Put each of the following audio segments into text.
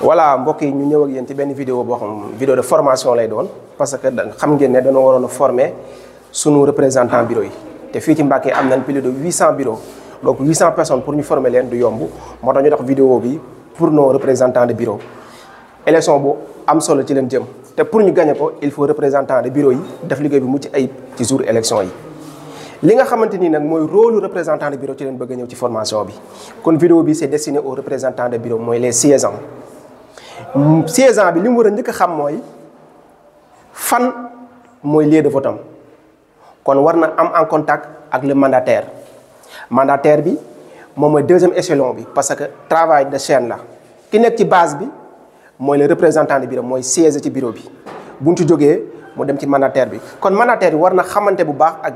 voilà mbokk yi ñu ñëw ak yéen ci benn vidéo boo xam vidéo de formation lay doon parce que xam ngeen ne dañoo waroon a former sunu représentant bureau yi te fii ci Mbacké am nañ plus de 800 bureaux donc 800 personnes pour ñu former leen du yomb moo tax ñu dox vidéo bi pour nos représentants de bureau élection bu am solo ci leen jëm te pour ñu gagné ko il faut représentant de bureau yi def liggéey bi mucc ayib ci jour élection yi li nga xamante ni nag mooy rôle représentant de bureau ci leen bëgg ñëw ci formation bi kon vidéo bi c'est destiné aux représentants de bureau mooy les 16 ans bi li mu war a njëkk a xam mooy fan mooy lieu de vote kon war na am en contact ak le mandataire mandataire bi moom mooy deuxième échelon bi parce que travail de chaîne la ki nekk ci base bi mooy le représentant de bureau mooy siège ci bureau bi bu ci jógee mu dem ci mandataire bi kon mandataire bi war na xamante bu baax ak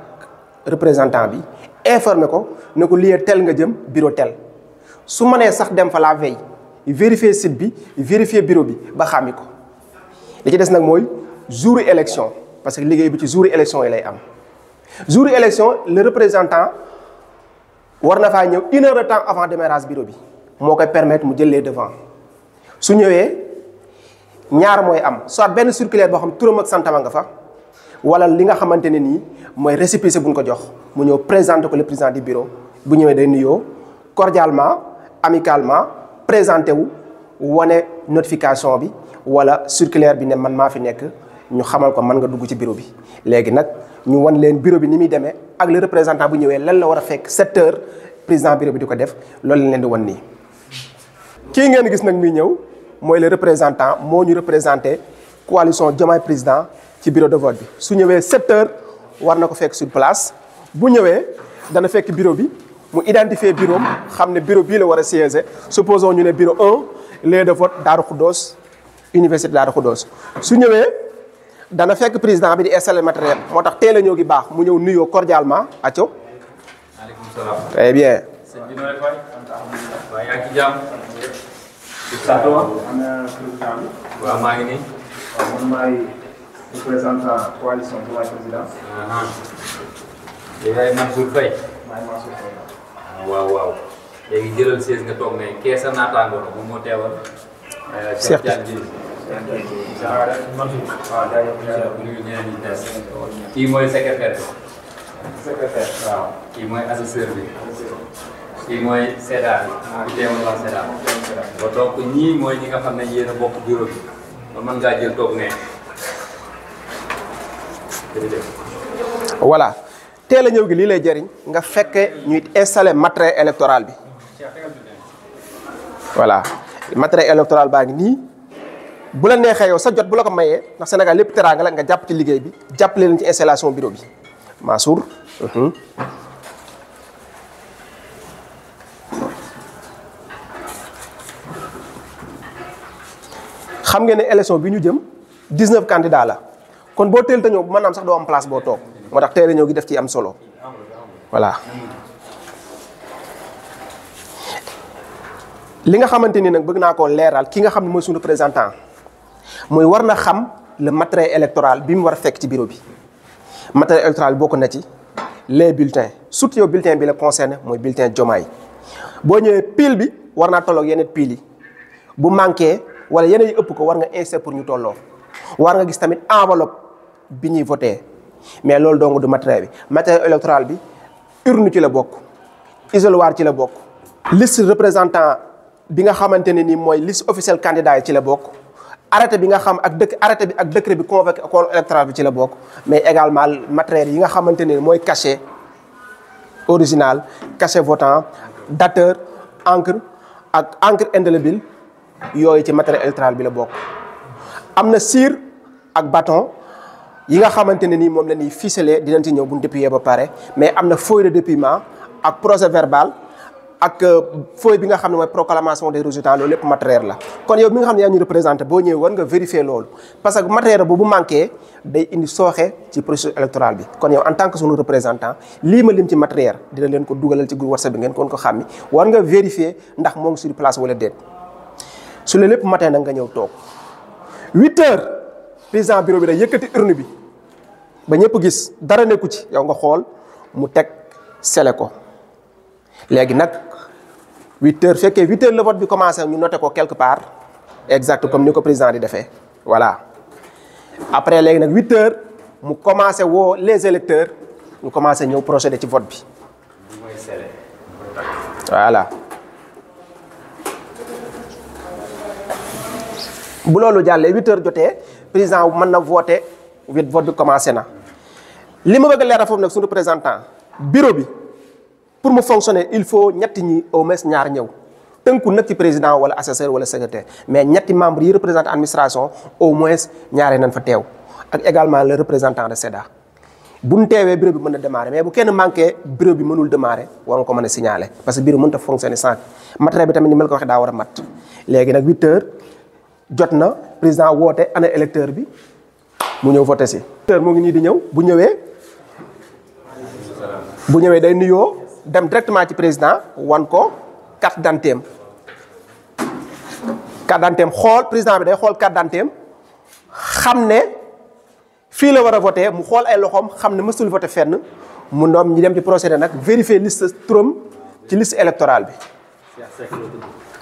représentant bi informer ko ne ko lieu tel nga jëm bureau tel su mënee sax dem fa la veille vérifier site bi vérifier bureau bi ba xàmmi ko li ci des nag mooy jour élection parce que liggéey bi ci jour élection yi lay am jour élection le représentant war na faa ñëw une temps avant démarrage bureau bi moo koy permettre mu jëlee devant su ñëwee ñaar mooy am soit benn circulaire boo xam turam ak santa santama nga fa wala li nga xamante ne nii mooy bu buñ ko jox mu ñëw présenter ko le président du bureau bu ñëwee day nuyoo cordialement amicalement présenté wu wane notification bi wala circulaire bi ne man maa fi nekk ñu xamal ko mën nga dugg ci bureau bi. léegi nag ñu wan leen bureau bi ni muy demee ak le représentant bu ñëwee lan la war a fekk 7 heures président bureau bi di ko def loolu lañ leen di wan nii. kii ngeen gis nag muy ñëw mooy le représentant moo ñu représenté coalition Diomaye président ci bureau de vote bi su ñëwee 7 war na ko fekk sur place bu ñëwee dana fekk bureau bi. mu identifier bureau xam ne bureau bii la war a siéger supposons ñu ne bureau 1 lieu de vote Darou Khoudoss université Darou Khoudoss su ñëwee dana fekk président bi di installer matériel moo tax teela a ñëw gi baax mu ñëw nuyoo cordialement Athio. maaleykum salaam. très bien. sëñ bi nooy fay. Président. waaw waaw jël jëlal siis nga toog ne kee sa naataango la moom moo teewal. Cheikh Diagne Diagne kii kii mooy assesseur bi. kii mooy SEDA bi. waaw kii teewal waa toog ñii mooy ñi nga xam ne yéen bokk bureau bi. kon ngaa jël toog ne. voilà teel a ñëw gi lii lay jariñ nga fekke ñuy installé matériel électoral bi voilà matériel électoral baa ngi nii bu la neexee yow sa jot bu la ko mayee ndax Sénégal lépp teraanga la nga jàpp ci liggéey bi jàpp leen ci installation bureau bi Mansour mhm. xam nga ne élection bi ñu jëm 19 candidats la kon boo teel te ñëw maanaam sax doo am place boo toog moo tax teel a ñëw gi def ci am solo voilà. li nga xamante ni nag bëgg naa koo leeral ki nga xam ne mooy suñu présentant mooy war na xam le matériel électoral bi mu war a fekk ci biro bi matériel électoral bokk na ci les bulletins surtout yow bulletin bi la concerné mooy bulletin Diomaye boo ñëwee pile bi war naa tolloog yeneen pile yi bu manqué wala yeneen yi ëpp ko war nga insérer pour ñu tolloo war nga gis tamit enveloppe bi ñuy voté. mais loolu dong du matériel bi matériel électoral bi urne ci la bokk isoloir ci la bokk list représentant bi nga xamante ne ni mooy list officielle candidat yi ci la bokk arrêté bi nga xam ak dëkk arrêté bi ak décret bi convoqué corps électoral bi ci la bokk mais également matériel yi nga xamante ne mooy cachet original cachet votant dateur encre ak encre indélébile yooyu ci matériel électoral bi la bokk am na cire ak baton yi nga xamante ne ni moom la ñuy ficeler dinañ ci ñëw bu ñu dépouiller ba pare mais am na feuille de dépouillement ak procès verbal ak euh, feuille bi nga xam ne mooy proclamation des résultats loolu lépp matériel la. kon yow bi nga xam ne yaa ñu représenté boo ñëwee war nga vérifier loolu parce que matériel bu bu manqué day indi sooxe ci processus électoral bi kon yow en tant que sunu représentant lii ma lim ci matériel dina leen ko dugalal ci groupe WhatsApp bi ngeen kon ko xàmmi war ndax moo ngi sur place wala déet su lépp matin nag nga ñëw toog président bureau bi day yëkkati urne bi ba ñëpp gis dara nekku ci yow nga xool mu teg sele ko léegi nag huit heures fekkee huit heures vote bi commencé ñu note ko quelque part exact comme ni ko président di defee voilà après léegi nag huit heures mu commencé woo les électeurs ñu commencé ñëw procéder ci vote bi voilà bu loolu jàllee huit jotee président mën na voté wet vote bi commencé na li ma bëgg a leeral foofu nag suñu représentant bureau bi pour mu fonctionner il faut ñetti ñi au moins ñaar ñëw tënku nag ci président wala assesseur wala secrétaire mais ñetti membre yi représentant administration au moins ñaare nañ fa teew ak également la représentant de SEDA bu ñu teewee bureau bi mën a démarrer mais bu kenn manqué bureau bi mënul démarrer war nga ko mën a signaler parce que bureau mënut a fonctionner sans matériel bi tamit ni ma mat jot na président woote ana électeur bi mu ñëw voté si. électeur mu ngi nii di ñëw bu ñëwee bu ñëwee day nuyoo dem directement ci président wan ko carte d'identité am carte xool président bi day xool carte d'identité xam ne fii la war a voté mu xool ay loxoom xam ne mësul voté fenn mu doom ñu dem ci procédé nag vérifier liste trom ci liste électorale bi.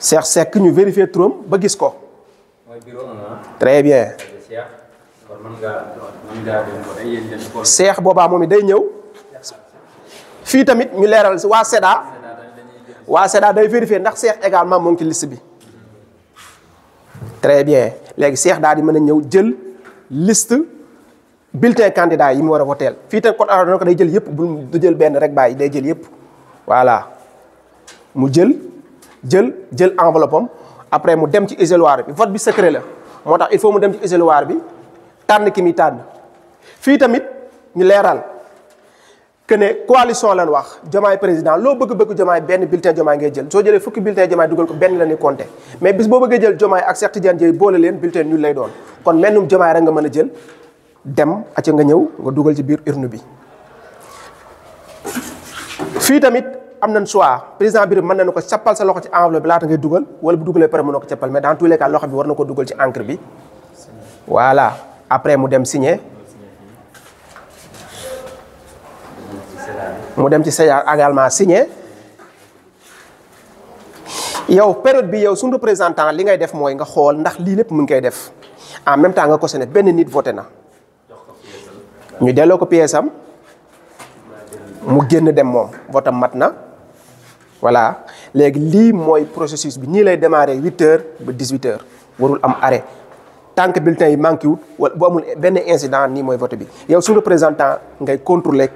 Cheikh Seck ñu vérifier trom ba gis ko. Ah. très bien. seex boobaa moom it day ñëw. fii tamit ñu leeral si waa SEDA. waa SEDA day vérifier ndax seex également moo ngi ci liste bi. très bien léegi seex daal di mën a ñëw jël liste bulletin candidat yi mu war a woteel fii tamit code électoral ko day jël yëpp bu du jël benn rek bàyyi day jël yëpp. voilà mu jël jël jël enveloppe après mu dem ci isoloir bi vote bi secret la moo tax il faut mu dem ci isoloir bi tànn ki muy tànn fii tamit ñu leeral que ne coalition lañ wax Diomaye président loo bëgg-bëgg Diomaye benn bulletin Diomaye ngay jël soo jëlee fukki bulletin Diomaye dugal ko benn la ñuy compter mais bis boo bëggee jël Diomaye ak Cheikh Tidiane Dièye boole leen bulletin ñu lay doon kon mennum Diomaye rek nga mën a jël dem acca nga ñëw nga dugal ci biir urne bi fii tamit am nañ choix président Birame mën nañu ko cappal sa loxo ci enveloppe bi laata ngay dugal wala bu dugalee pare mën na ko cappal mais dans tous les cas loxo bi war na ko dugal ci voilà après mu dem signe mu dem ci Sédar également signe yow période bi yow suñu présentant li ngay def mooy nga xool ndax lii lépp mu ngi koy def en même temps nga ko ne benn nit voté na ñu delloo ko pièce mu génn dem moom votam mat na voilà léegi lii mooy processus bi ñii lay démarrer huit heures ba dix huit heures warul am arrêt tant que bulletin yi manqué wut wala bu amul benn incident nii mooy vote bi yow su représentant ngay contrôler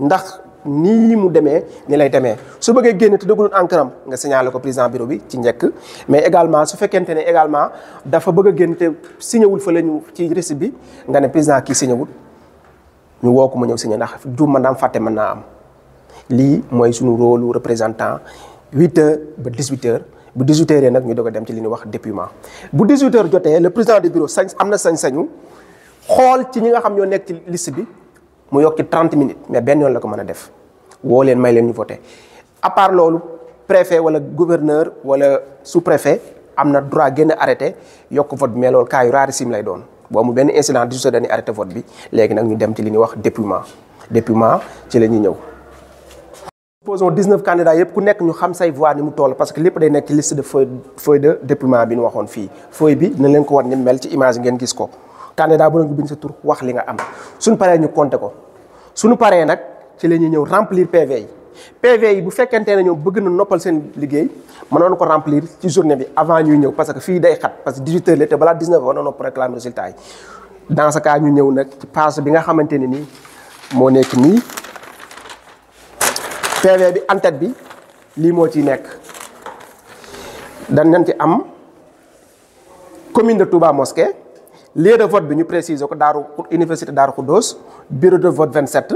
ndax nii mu demee ni lay demee su bëggee génn te dugalul encre nga signalé ko président bureau bi ci njëkk mais également su fekkente ne également dafa bëgg a génn te signé fa lañu ci récip bi nga ne président kii signé wul ñu woo ko mu ñëw signé ndax du mën naa am fàtte mën naa am. lii mooy suñu rôle représentant huit heures ba dix huit bu dix huit heures nag ñu doog a dem ci li ñuy wax dépouillement bu dix huit heures jotee le président du bureau sañ am na sañ-sañu xool ci ñi nga xam ñoo nekk ci liste bi mu yokki trente minutes mais benn yoon la ko mën a def woo leen may leen ñu voté à part loolu préfet wala gouverneur wala sous préfet am na droit génn arrêté yokk vote bi mais loolu cas yu lay doon boo mu benn incident di su dañuy arrêté vote bi léegi nag ñu dem ci li ñuy wax dépouillement dépouillement ci la ñuy ñëw posons 19 candidats yëpp ku nekk ñu xam say voix ni mu toll parce que lépp day nekk ci liste de feuille feuille de déploiement bi ñu waxoon fii feuille bi na ko war ni paree nag ci la ñuy ñëw remplir PV yi PV yi bu fekkente ne ñoom bëgg na noppal seen liggéey mënoon ko remplir ci journée bi avant ñuy ñëw parce que fii day xat parce que 18 heures la te balaa 19 heures war na nopp réclame résultat yi dans ñu ñëw nag ci passe bi nga xamante ne nii moo nekk nii PV bi en bi lii moo ciy nekk danañ ci am commune de Touba Mosquée lieu de vote bi ñu préciser ko Daaru université Daaru Khoudoss bureau de vote 27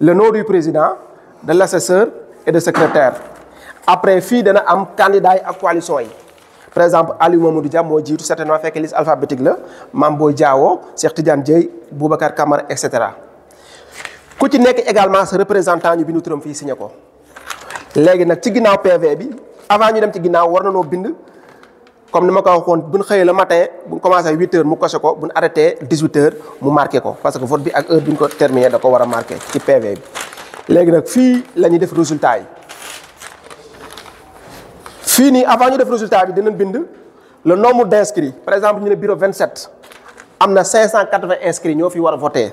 le nom du président de l' assesseur et de secrétaire après fii dana am candidat yi ak coalition yi par exemple Aliou Mamadou Dia moo jiitu certainement fekk liste alphabétique la Mame Boye Diao Cheikh Tidiane Dieye Boubacar Camara et cetera. ku ci nekk également sa représentant ñu bindu turam fii signé ko léegi nag ci ginnaaw PV bi avant ñu dem ci ginnaaw war na noo bind comme ni ma ko waxoon bu ñu xëyee le matin bu ñu commencé ay huit mu coché ko bu ñu arrêté dix mu marqué ko parce que vote bi ak heure bi ñu ko terminé da ko war a marqué ci PV bi. léegi nag fii la ñuy def résultat yi fii nii avant ñu def résultat bi dina bind le nombre d' inscrits par exemple ñu ne bureau 27 am na 580 inscrits ñoo fi war a voté.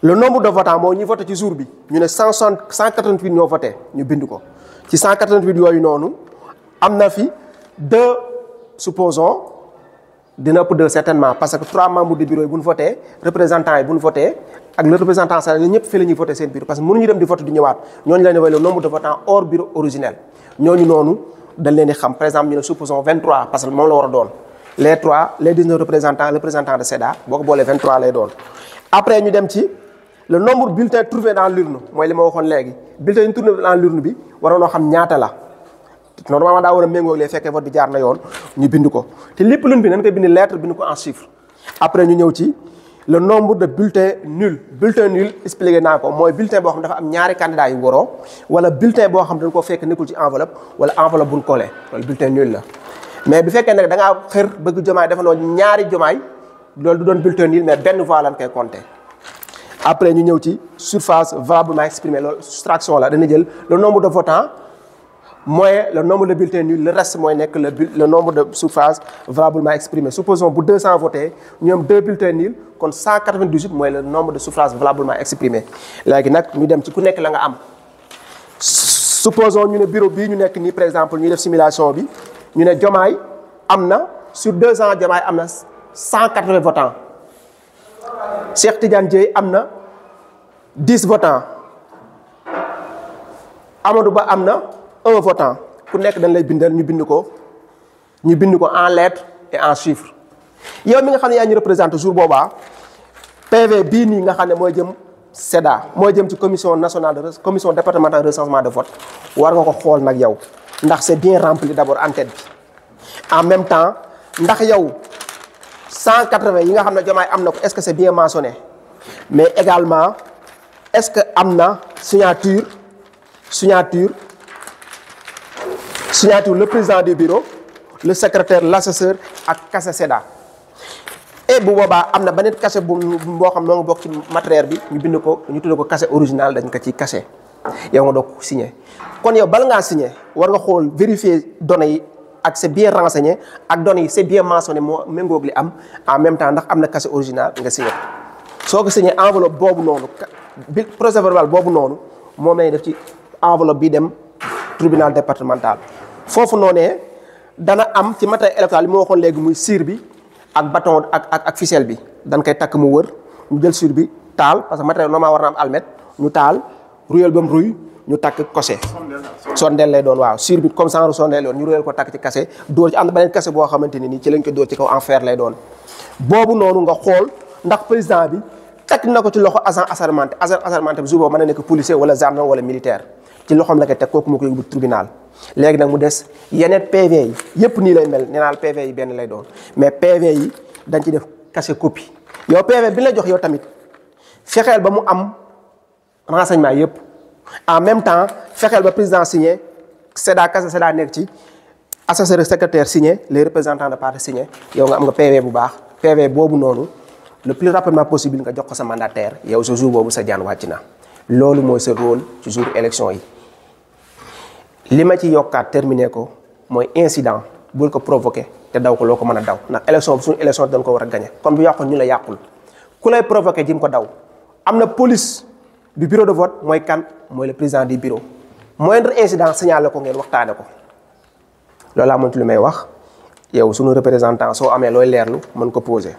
le nombre de votants moo ñuy voté ci jour bi ñu ne cent soixante cent huit ñoo voté ñu bind ko ci cent huit yooyu noonu am na fi deux supposons dina ëpp deux certainement parce que trois membres du bureau yi bu ñu voté yi bu ñu ak le représentant sa ñëpp fii la ñuy seen biir parce que mënuñu dem di voté du ñëwaat ñooñu la ñu le nombre de votants hors bureau originel ñooñu noonu dañ leen xam par exemple ñu ne supposons 23 parce a doon les trois les 19 représentants représentant de le nombre bulletin trouvé dans l'urne mooy li ma waxoon léegi bulletin yi trouvé dans l'urne bi waroonoo xam ñaata la normalement daa war a méngoo lee fekkee vote bi jaar na yoon ñu bind ko te lépp luñ bi nañ koy bind lettre bind ko en chiffre après ñu ñëw ci le nombre de bulletins nuls bulletin nul expliqué naa ko mooy bulletin boo xam dafa am ñaari candidats yu waroo wala bulletin boo xam dañ ko fekk nekkul ci enveloppe wala enveloppe buñ collé loolu bulletin nul la mais bi fekkee nag da ngaa xër bëgg jomaay dafa noonu ñaari jomaay loolu du doon bulletin nul mais benn voix lañ koy compté après ñu ñëw ci surface valablement exprimée loolu soustraction la dana jël le nombre de votants mooy le nombre de bulletins nuls le reste mooy nekk le le nombre de surface valablement exprimée supposons bu 200 voté ñu am 2 bulletins nuls kon 198 mooy le nombre de surface valablement exprimée léegi nag ñu dem ci ku nekk la nga am supposons ñu ne bureau bii ñu nekk nii par exemple ñu def simulation bi ñu ne Diomaye am na sur 200 Diomaye am na 180 votants Cheikh Tidiane Dieye am na dix votants Amadou Ba am na un votant ku nekk dañ lay bindal ñu bind ko ñu bind ko en lettres et en chiffres yow mi nga xam ne yaa ñu représenté jour boobaa PV bii nii nga xam ne mooy jëm SEDA mooy jëm ci commission nationale de commission départementale de recensement de vote war nga ko xool nag yow ndax c'est bien rempli d'abord en tête bi en même temps ndax yow 180 yi nga xam ne Diomaye am na ko est-ce que c'est bien mentionné mais également est-ce que am na signature signature signature le président de bureau le secrétaire l'assesseur ak cachet SEDA et bu boobaa am na beneen cachet bu boo xam ne moo bokk ci matériel bi ñu bind ko ñu tudd ko cachet original dañ ko ci kase yow nga doog signé kon yow bala ngaa signé war nga xool vérifier données yi. ak c'est bien renseigné ak données yi c'est bien mentionné moo méngoog li am en même temps ndax am na cachet original nga signé soo ko signé enveloppe boobu noonu bi procès verbal boobu noonu moom may def ci enveloppe bi dem tribunal départemental foofu noonee dana am ci matériel électoral bi ma waxoon léegi muy siir bi ak baton ak ak ak bi dañ koy takk mu wër ñu jël siir bi taal parce que matériel normal war na am almet ñu taal ruyal ba ruy ñu takk kose sondeel lay doon waaw surbit comme genre sondeel yoon ñu réel ko takk ci kase dóor ci am na beneen kase boo xamante ni nii ci lañ ko dóor ci kaw en lay doon boobu noonu nga xool ndax président bi takk na ko ci loxo agent assermenté agent assermenté bi su boobu mën na nekk policier wala gendarme wala militaire ci loxoom la koy teg kooku moo ko yóbbu léegi nag mu des yeneen PV yi yëpp nii lay mel nee naa PV yi benn lay doon mais PV yi dañ ci def cachet copie yow PV bi la jox yow tamit fexeel ba mu am renseignement yëpp en même temps fexeel ba président signé SEDA kasa SEDA nekk ci assesseur secrétaire signé les représentants de parti signé yow nga am nga PV bu baax PV boobu noonu le plus rapidement possible nga jox ko sa mandataire yow sa jour boobu sa jaan wàcc na loolu mooy sa rôle ci jour élection yi li ma ci yokkaat terminé ko mooy incident bul ko provoqué te daw ko loo ko mën a daw ndax élection bi suñu élection dañ ko war a gagné comme bu yàqul ñu la yàqul ku lay provoqué jim ko daw du bureau de vote mooy kan mooy le président du bureau moindre incident signalé ko ngeen waxtaane ko loolu laa mënti lu may wax yow sunu représentant soo amee looy leerlu mën ko posé.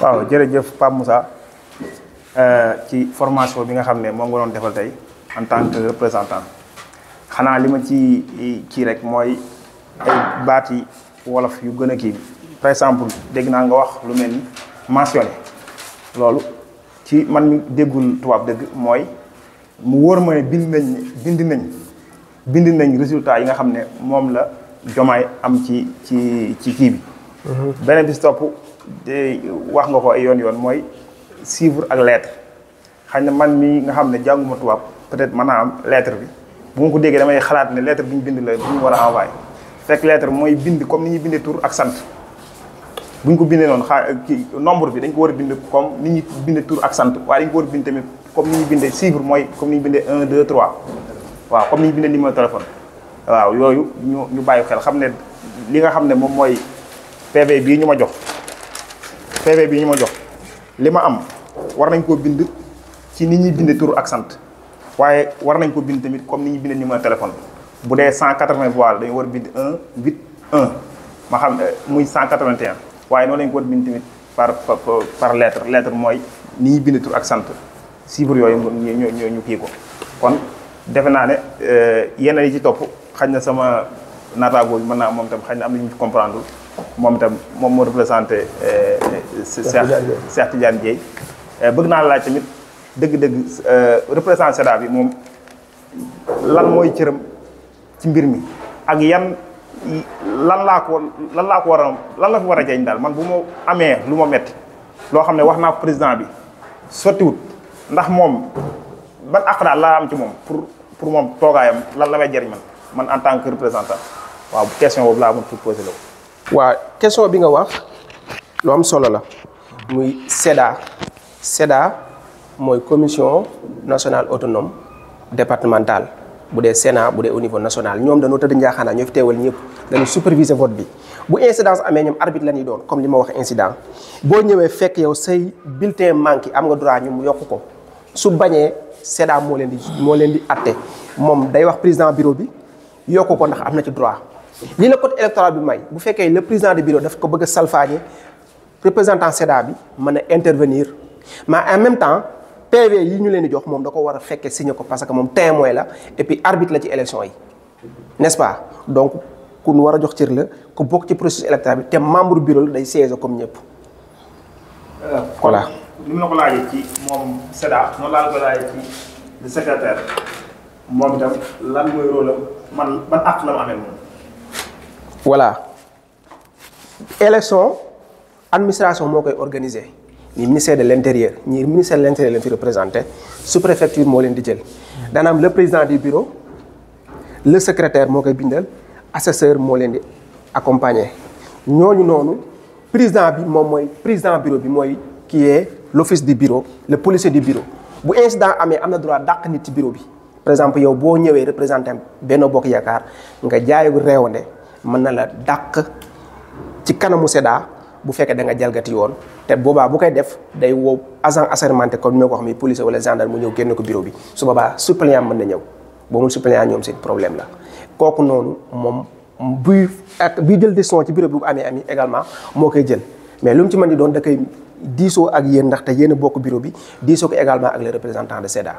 waaw jërëjëf Pape Moussa euh, ci formation bi nga xam ne moom nga doon defal tey en tant que représentant xanaa li ma ci kii rek mooy ay baati wolof yu gën a kii par exemple dégg naa nga wax lu mel ni mentionné. loolu ci man mi déggul tuwaab dëgg mooy mu wóor ma bind nañ bind nañ bind nañ résultat yi nga xam ne moom la jomaay am ci ci ci kii bi mhm. beneen bi si topp de wax nga ko ay yoon yoon mooy chiffre ak lettre xëy na man mi nga xam ne jànguma tubaab peut-être mën naa am lettre bi bu ma ko déggee damay xalaat ne lettre bi ñu bind la bu ñu war a envoyé fekk lettre mooy bind comme ni ñuy bindee tur ak sant bu ñu ko bindee noonu xaa kii nombre bi dañ ko war a bind comme ni ñuy bindee tur ak sant waaye dañ ko war a bind tamit comme ni ñuy bindee chiffre mooy comme ni ñu bindee 1 2 3 waaw comme ni ñu bindee numéro téléphone waaw yooyu ñu ñu bàyyi xel xam ne li nga xam ne moom mooy PV bii ñu ma jox PV bii ñu ma jox li ma am war nañ koo bind ci ni ñuy bindee tur ak sant waaye war nañ ko bind tamit comme ni ñuy bindee numéro téléphone bu dee 180 voix dañu war a bind 1 8 1 ma xam eh, muy 181. waaye noonu lañ ko war bind tamit par par lettre mooy ni ñuy bind ak sant chiffre yooyu ñu ñu kii ko kon defe naa ne euh, yenn yi ci topp xañ na sama naataagoo bi mën naa moom itam xañ na am na ñu comprendre moom itam moom moo représenté euh, Cheikh Cheikh Tidiane Dieye euh, bëgg naa laaj tamit bi moom lan mooy cëram ci mbir mi ak yan lan laa ko lan laa ko war a lan la fi war a jëriñ daal man bu ma amee lu ma metti loo xam ne wax naa président bi sottiwut ndax moom ban àq daal laa am ci moom pour pour moom toogaayam lan la may jëriñ man man en tant que représentant waaw question boobu laa amoon pour la ko. waaw question bi nga wax lu am solo la muy SEDA SEDA mooy commission nationale autonome départementale. bu dee Sénat bu dee au niveau national ñoom dañoo tëdd njaaxaanaa ñoo fi teewal ñëpp dañu superviser vote bi bu incidence amee ñoom arbitre la ñuy doon comme li ma wax incident boo ñëwee fekk yow say bulletin manqué am nga droit ñu mu yokk ko su bañee Sénat moo leen di moo leen di atte moom day wax président bureau bi yokk ko ndax am na ci droit lii la code électoral bi may bu fekkee le président bureau daf ko bëgg a salfaañe représentant Sénat bi mën a intervenir mais en même temps PV yi ñu leen di jox moom da ko war a fekkee signé ko parce que moom témoin la et puis la ci élection yi n'est-ce pas donc ku war a jox cër la ku bokk ci processus électoral bi te membre bureau la day siège comme ñëpp. Euh, voilà. ni mu la ko laajee ci moom SEDA noonu laa ko laajee ci le secrétaire moom itam lan mooy rôle man ban acte la ma amee moom. voilà élection administration moo koy organiser. ñi ministère de l' intérieur ñi ministère de la intérieur lañ fi représenté sous préfecture moo leen di jël. daanaam le président du bureau le secrétaire moo koy bindal assesseur moo leen di accompagner ñooñu noonu président bi moom mooy président bureau bi mooy qui est l' office du bureau le policier du bureau bu incident amee am na droit dàq nit ci bureau bi par exemple yow boo ñëwee représentant benn Bokk Yaakaar nga jaayu réewande mën na la dàq ci kanamu SEDA. bu fekkee da nga jalgati yoon te boobaa bu koy def day woo agent assermenté comme ni ma ko wax mi police wala gendarme mu ñëw génn ko bureau bi su boobaa suppléant mën na ñëw boo mul suppléant ñoom seen problème la kooku noonu moom buy ak buy jël décision ci bureau bi bu amee ami également moo koy jël mais lu mu ci mën di doon da koy diisoo ak yéen ndaxte yéen a bokk bureau bi diisoo ko également ak les représentants de SEDA.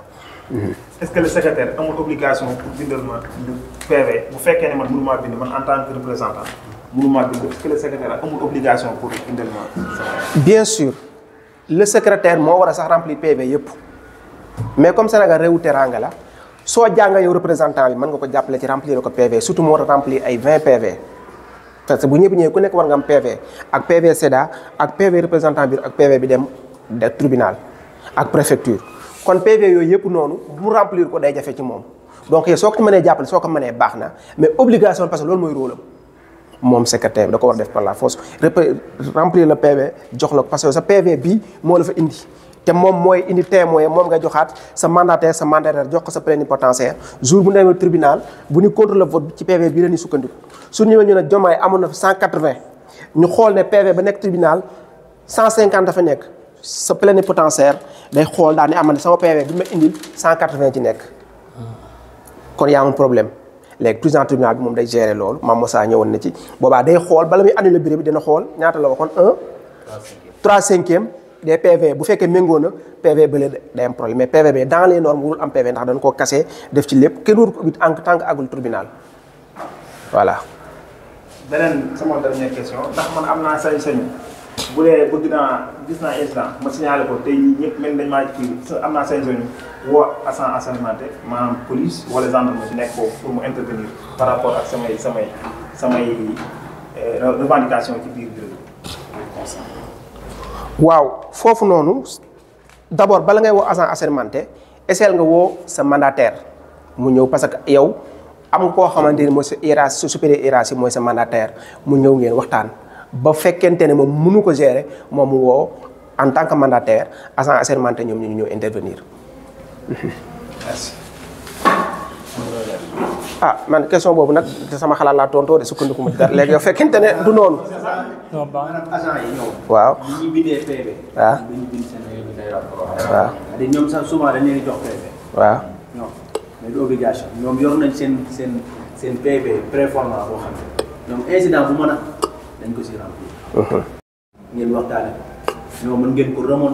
est-ce que le secrétaire amul obligation bu fekkee ne man en tant que représentant. mënuma dugg est-ce que bien sûr le secrétaire moo war a sax remplir PV yëpp mais comme Sénégal réewu teranga la soo jànga yow représentant bi mën nga ko jàppale ci remplir ko PV surtout mu war a remplir ay 20 PV parce que bu ñëpp ñëwee ku nekk war nga am PV ak PV SEDA ak PV représentant bi ak PV bi dem tribunal ak préfecture kon PV yooyu yëpp noonu bu remplir ko day jafe ci moom donc soo ko mënee jàppale soo ko mënee baax na mais obligation parce que loolu mooy moom secrétaire bi da ko war def par la force remplir le PV jox la ko parce que sa PV bi moo la fa indi te moom mooy indi témoin moom nga joxaat sa mandataire sa mandataire jox ko sa plénipotentiaire jour bu demee tribunal bu ñu contrôle vote ci PV bii la ñuy sukkandiku su ñëwee ñu ne Diomaye amoon na fa 180 ñu xool ne PV ba nekk tribunal 150 dafa nekk sa plénipotentiaire day xool daal ne amal sama PV bi ma indil 180 ci nekk kon yaa am problème. léegi président tribunal bi moom day gérer loolu Mame Moussa ñëwoon na boobaa day xool bala muy annulé bureau bi dina la waxoon un trois cinquième des PV bu fekkee méngoo na PV bële day am problème mais PV bi dans les normes wul am PV ndax dañ koo kase def ci lépp kenn wut ko ubbi en tant agul tribunal voilà beneen sama am bu dee bëgg naa gis naa incident ma signalé ko tey ñii mel dañ maa kii am naa sañ sañu woo agent assermenté maanaam police wala gendarmerie nekk foofu pour mu intervenir par rapport ak samay samay samay euh, revendication ci biir bureau waaw foofu noonu d'abord bala ngay woo agent mante essayel nga woo sa mandataire mu ñëw parce que yow am koo xamante ni mooy sa hiérarchie sa supérieur hiérarchie mooy sa mandataire mu ñëw ngeen waxtaan ba fekkente ne moom mënu ko gérer moom mu woo en tant que mandataire agent assermenté ñoom ñu ñëw intervenir. merci. ah man question boobu nag sama xalaat laa tontoo de sukkandiku ma ci dara léegi yow fekkente ne du noonu. agent yi waaw ñi ñu bindee PV. waaw ah. ah. dañu bind waaw jox waaw ah. ñoom mais nañ seen seen seen PV préformant boo xam dañ ko si uh-huh. ngeen waxtaane ko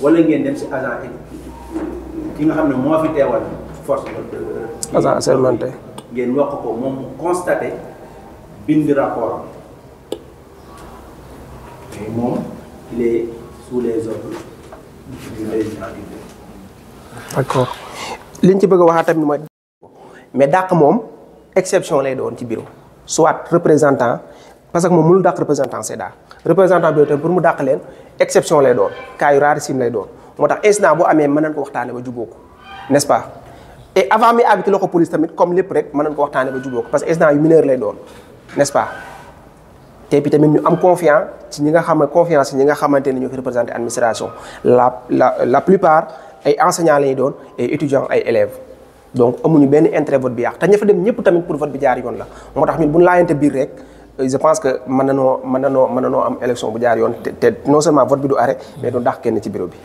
wala ngeen dem nga xam ne moo fi teewal force de. moom mu constaté bind rapport mais les ordres du liñ ci bëgg a waxaat tamit mooy. mais dàq moom exception lay doon ci bureau. soit représentant parce que moom mënul dàq représentant CEDA représentant bi tam pour mu dàq leen exception lay doon cas yu lay doon moo tax incident boo amee mën nañ ko waxtaane ba juboo ko n'est-ce pas et avant mi àgg ci loxo police tamit comme lépp rek mën nañ ko waxtaane ba juboo ko parce que incident yu mineur lay doon n'est-ce pas te bi tamit ñu am confiance ci ñi nga xam confiance ci ñi nga xamante ne ñoo ko représenté administration la la la plupart ay enseignants lañuy doon ay ay élèves donc amuñu benn intérêt vote bi yàq te ña fa dem ñëpp tamit pour vote bi jaar yoon la moo tax ñun bu ñu laayante biir rek je pense que mën na noo mën na noo am élection bu jaar yoon te te non seulement vote bi du arrêt mais du ndax kenn ci bureau bi.